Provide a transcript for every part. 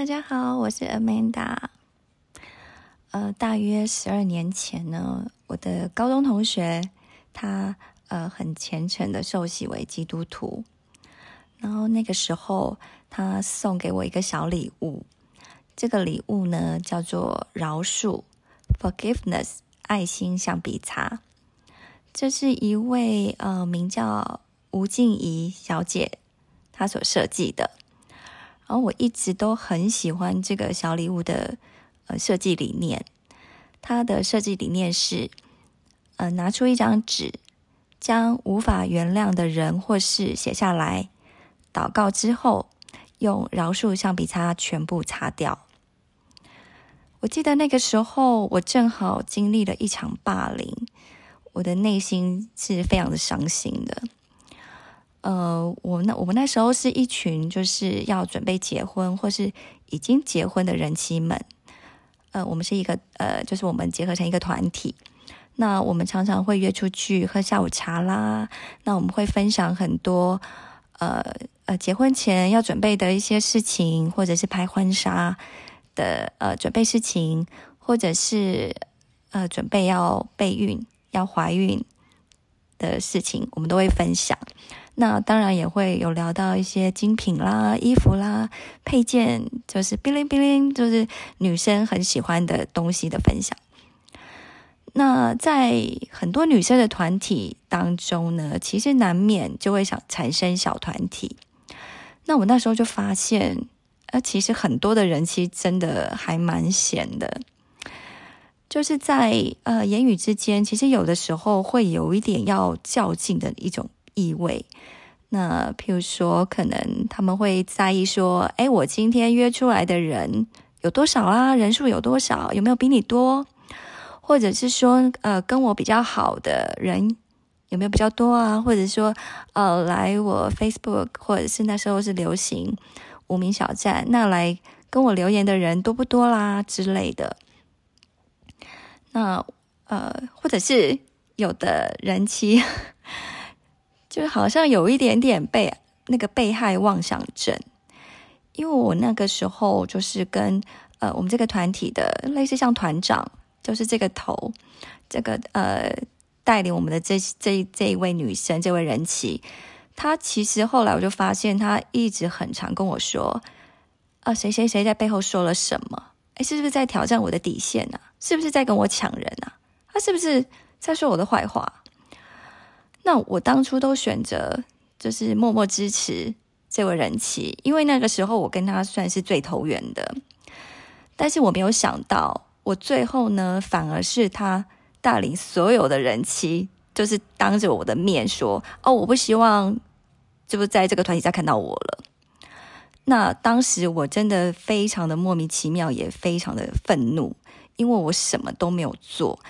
大家好，我是 Amanda。呃，大約十二年前呢，我的高中同學他呃很虔誠的受洗為基督徒，然後那個時候他送給我一個小禮物，這個禮物呢叫做饒恕 （Forgiveness） 愛心橡皮擦，這是一位呃名叫吳靜怡小姐她所設計的。然後、哦、我一直都很喜歡這個小禮物的呃設計理念，它的設計理念是，呃拿出一張紙，將無法原諒的人或事寫下來，禱告之後，用饒恕橡皮擦全部擦掉。我記得那個時候，我正好經歷了一場霸凌，我的內心是非常的傷心的。呃，我們那我們那時候是一群就是要準備結婚或是已經結婚的人妻們。呃，我們是一個呃，就是我們結合成一個團體。那我們常常會約出去喝下午茶啦。那我們會分享很多呃呃，結婚前要準備的一些事情，或者是拍婚紗的呃準備事情，或者是呃準備要備孕要懷孕的事情，我們都會分享。那當然也會有聊到一些精品啦、衣服啦、配件，就是 bling bling，就是女生很喜歡的東西的分享。那在很多女生的團體當中呢，其實難免就會想產生小團體。那我那時候就發現，呃，其實很多的人其實真的還蠻閒的，就是在呃言語之間，其實有的時候會有一點要較勁的一種。意味，那譬如說，可能他們會在意說，哎、欸，我今天約出來的人有多少啊？人數有多少？有沒有比你多？或者是說，呃，跟我比較好的人有沒有比較多啊？或者說，呃，來我 Facebook 或者是那時候是流行無名小站，那來跟我留言的人多不多啦之類的？那呃，或者是有的人妻。 就是好像有一點點被那個被害妄想症，因為我那個時候就是跟呃我們這個團體的類似像團長，就是這個頭，這個呃帶領我們的這這這一位女生這位人妻。她其實後來我就發現她一直很常跟我說，啊、呃、誰誰誰在背後說了什麼？哎，是不是在挑戰我的底線呢、啊？是不是在跟我搶人啊？她是不是在說我的壞話？那我當初都選擇就是默默支持這位人妻，因為那個時候我跟她算是最投緣的。但是我沒有想到，我最後呢，反而是她帶領所有的人妻，就是當着我的面說：“哦，我不希望，就是在這個團體再看到我了。”那當時我真的非常的莫名其妙，也非常的憤怒，因為我什麼都沒有做，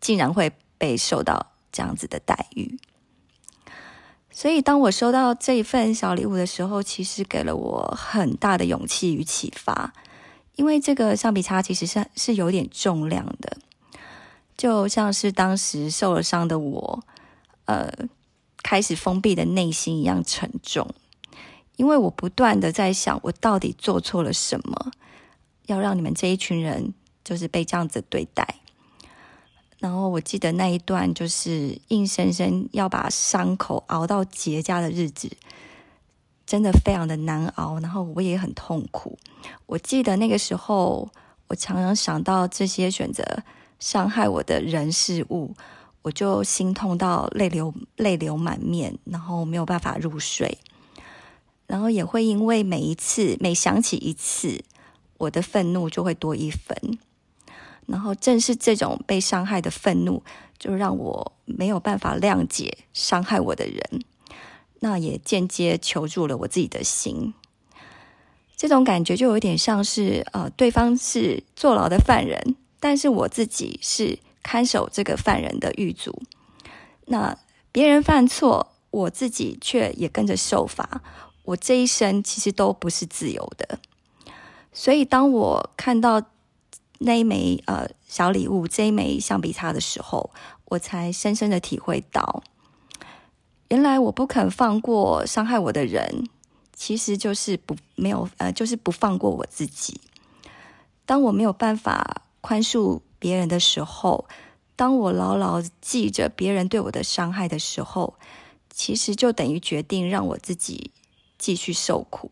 竟然會被受到。這樣子的待遇，所以當我收到這一份小禮物的時候，其實給了我很大的勇氣與啓發。因為這個橡皮擦其實是是有點重量的，就像是當時受了傷的我，呃，開始封閉的內心一樣沉重。因為我不斷的在想，我到底做錯了什麼，要讓你們這一群人就是被這樣子對待。然後我記得那一段就是硬生生要把傷口熬到結痂的日子，真的非常的難熬。然後我也很痛苦。我記得那個時候，我常常想到這些選擇傷害我的人事物，我就心痛到淚流淚流滿面，然後沒有辦法入睡。然後也會因為每一次，每想起一次，我的憤怒就會多一分。然後，正是這種被傷害的憤怒，就讓我沒有辦法諒解傷害我的人，那也間接囚住了我自己的心。這種感覺就有點像是，呃，對方是坐牢的犯人，但是我自己是看守這個犯人的獄卒。那別人犯錯，我自己卻也跟着受罰。我這一生其實都不是自由的。所以，當我看到那一枚呃小禮物，這一枚橡皮擦的時候，我才深深的體會到，原來我不肯放過傷害我的人，其實就是不，沒有呃，就是不放過我自己。當我沒有辦法寬恕別人的時候，當我牢牢記着別人對我的傷害的時候，其實就等於決定讓我自己繼續受苦。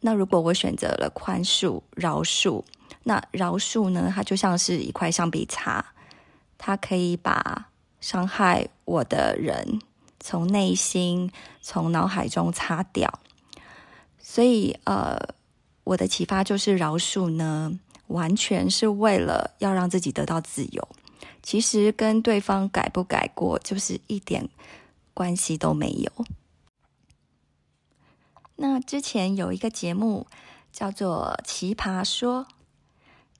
那如果我選擇了寬恕、饒恕，那饒恕呢？它就像是一塊橡皮擦，它可以把傷害我的人從內心、從腦海中擦掉。所以，呃，我的啟發就是，饒恕呢，完全是為了要讓自己得到自由。其實，跟對方改不改過，就是一點關係都沒有。那之前有一個節目叫做《奇葩說》。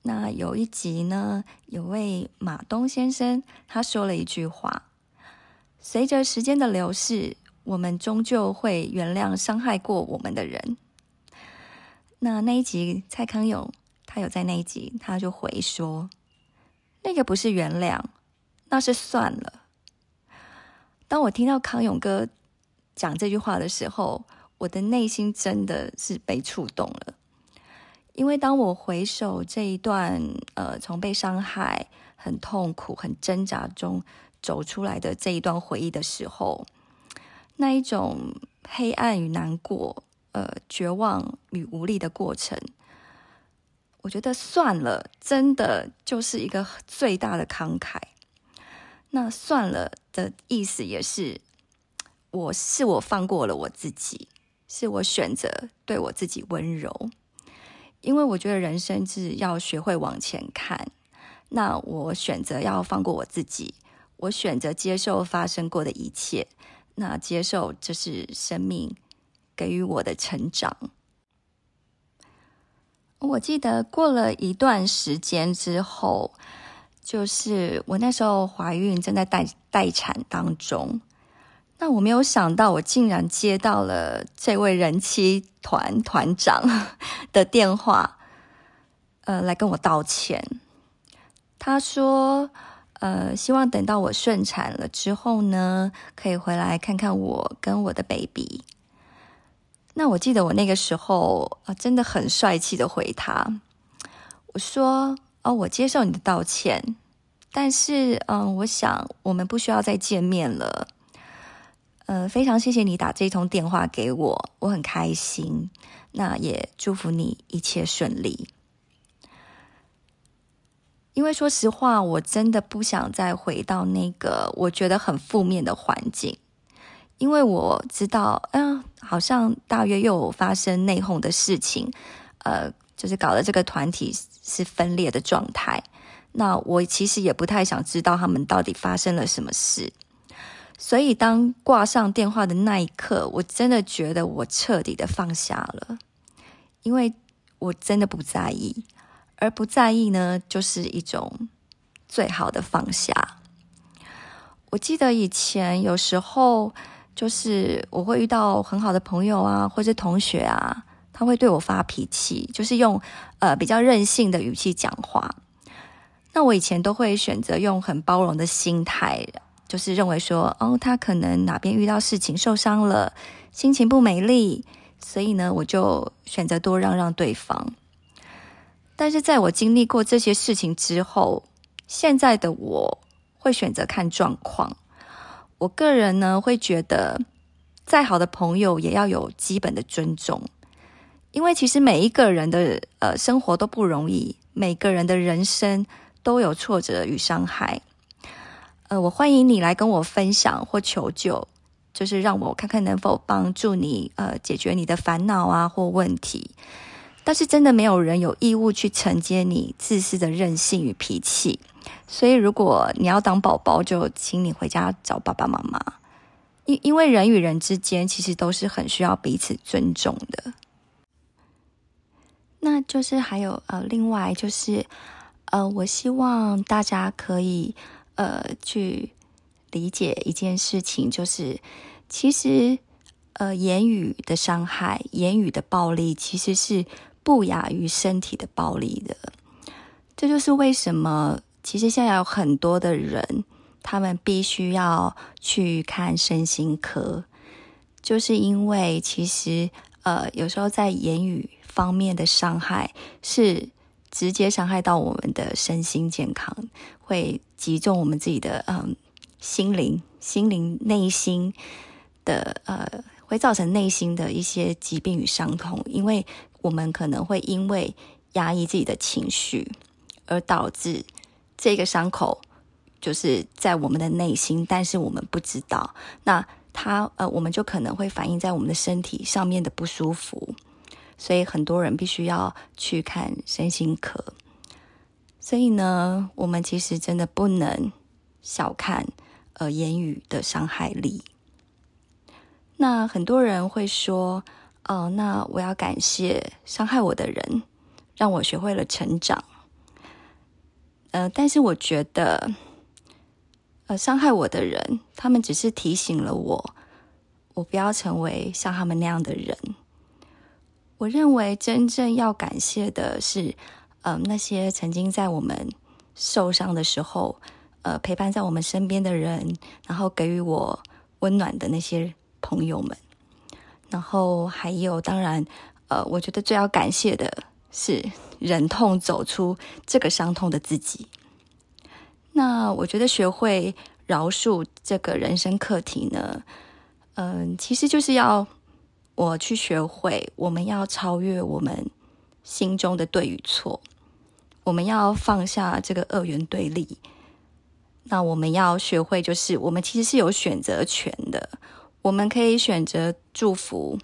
那有一集呢，有位馬東先生，他說了一句話：“隨着時間的流逝，我們終究會原諒傷害過我們的人。”那那一集蔡康永，他有在那一集，他就回說：“那個不是原諒，那是算了。”當我聽到康永哥講這句話的時候，我的內心真的是被觸動了。因為當我回首這一段，呃，從被傷害、很痛苦、很掙扎中走出來的這一段回憶的時候，那一種黑暗與難過、呃，絕望與無力的過程。我覺得算了，真的就是一個最大的慷慨。那算了的意思也是，我是我放過了我自己，是我選擇對我自己溫柔。因為我覺得人生是要學會往前看，那我選擇要放過我自己，我選擇接受發生過的一切，那接受就是生命給予我的成長。我記得過了一段時間之後，就是我那時候懷孕，正在待待產當中。那我沒有想到，我竟然接到了這位人妻團團長的電話，呃，來跟我道歉。他說：“呃，希望等到我順產了之後呢，可以回來看看我跟我的 baby。”那我記得我那個時候啊、呃，真的很帥氣的回他，我說：“哦，我接受你的道歉，但是，嗯、呃，我想我們不需要再見面了。”呃，非常謝謝你打這通電話給我，我很開心。那也祝福你一切順利。因為說實話，我真的不想再回到那個我覺得很負面的環境。因為我知道，嗯、呃，好像大約又有發生內訌的事情，呃，就是搞得這個團體是分裂的狀態。那我其實也不太想知道他們到底發生了什麼事。所以，當掛上電話的那一刻，我真的覺得我徹底的放下了，因為我真的不在意，而不在意呢，就是一種最好的放下。我記得以前有時候，就是我會遇到很好的朋友啊，或者同學啊，他會對我發脾氣，就是用呃比較任性的語氣講話，那我以前都會選擇用很包容的心態。就是認為說，哦，他可能哪邊遇到事情受傷了，心情不美麗，所以呢，我就選擇多讓讓對方。但是在我經歷過這些事情之後，現在的我會選擇看狀況。我個人呢，會覺得再好的朋友也要有基本的尊重，因為其實每一個人的，呃，生活都不容易，每個人的人生都有挫折與傷害。呃，我歡迎你來跟我分享或求救，就是讓我看看能否幫助你，呃，解決你的煩惱啊或問題。但是真的沒有人有義務去承接你自私的任性與脾氣，所以如果你要當寶寶，就請你回家找爸爸媽媽。因因為人與人之間其實都是很需要彼此尊重的。那就是還有呃，另外就是呃，我希望大家可以。呃，去理解一件事情，就是其實，呃，言語的傷害、言語的暴力，其實是不亞於身體的暴力的。這就是為什麼，其實現在有很多的人，他們必須要去看身心科，就是因為其實，呃，有時候在言語方面的傷害是直接傷害到我們的身心健康，會擊中我們自己的嗯心靈，心靈內心的呃，會造成內心的一些疾病與傷痛，因為我們可能會因為壓抑自己的情緒，而導致這個傷口就是在我們的內心，但是我們不知道，那它呃，我們就可能會反映在我們的身體上面的不舒服。所以很多人必須要去看身心科。所以呢，我們其實真的不能小看呃言語的傷害力。那很多人會說，哦，那我要感謝傷害我的人，讓我學會了成長。呃，但是我覺得，呃，傷害我的人，他們只是提醒了我，我不要成為像他們那樣的人。我認為真正要感謝的是，嗯、呃，那些曾經在我們受傷的時候，呃，陪伴在我們身邊的人，然後給予我溫暖的那些朋友們。然後還有，當然，呃，我覺得最要感謝的是忍痛走出這個傷痛的自己。那我覺得學會饒恕這個人生課題呢，嗯、呃，其實就是要。我去學會，我們要超越我們心中的對與錯，我們要放下這個二元對立。那我們要學會，就是我們其實是有選擇權的，我們可以選擇祝福，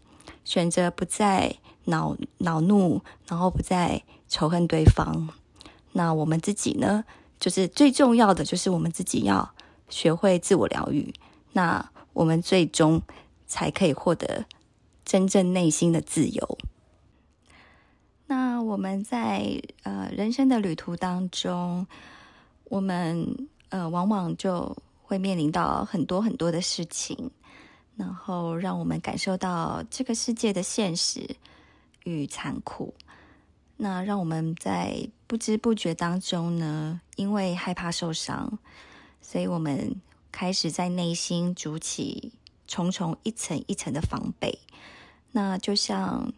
選擇不再惱惱怒，然後不再仇恨對方。那我們自己呢？就是最重要的，就是我們自己要學會自我療癒。那我們最終才可以獲得。真正內心的自由。那我們在呃人生的旅途當中，我們呃往往就會面臨到很多很多的事情，然後讓我們感受到這個世界的現實與殘酷。那讓我們在不知不覺當中呢，因為害怕受傷，所以我們開始在內心築起重重一層一層的防備。那就像，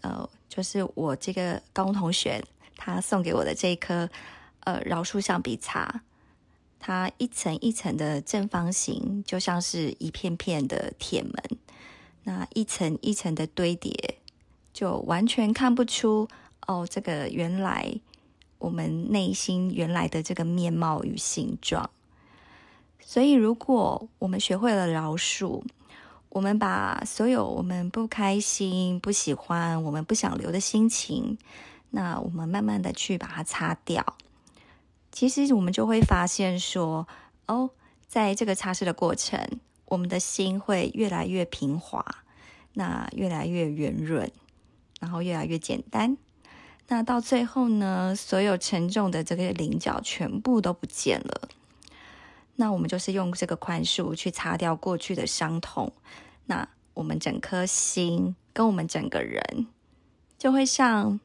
呃，就是我這個高中同學他送給我的這一顆，呃，饒恕橡皮擦，它，一層一層的正方形，就像是一片片的鐵門，那一層一層的堆疊，就完全看不出哦，這個原來我們內心原來的這個面貌與形狀。所以，如果我們學會了饒恕，我們把所有我們不開心、不喜歡、我們不想留的心情，那我們慢慢的去把它擦掉。其實我們就會發現說，哦，在這個擦拭的過程，我們的心會越來越平滑，那越來越圓潤，然後越來越簡單。那到最後呢，所有沉重的這個稜角全部都不見了。那我們就是用這個寬恕去擦掉過去的傷痛。那我們整顆心跟我們整個人，就會像，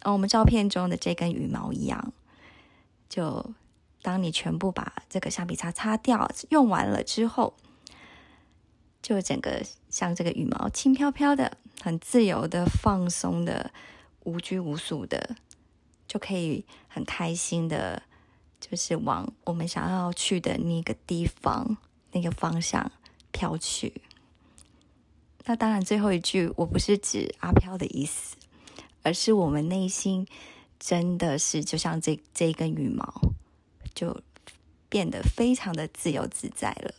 呃、哦，我們照片中的這根羽毛一樣，就當你全部把這個橡皮擦擦掉，用完了之後，就整個像這個羽毛，輕飄飄的，很自由的，放鬆的，無拘無束的，就可以很開心的，就是往我們想要去的那個地方、那個方向飄去。那當然，最後一句我不是指阿飄的意思，而是我們內心真的是就像這這根羽毛，就變得非常的自由自在了。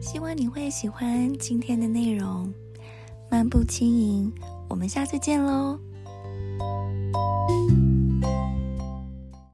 希望你會喜歡今天的內容，漫步輕盈，我們下次見嘍。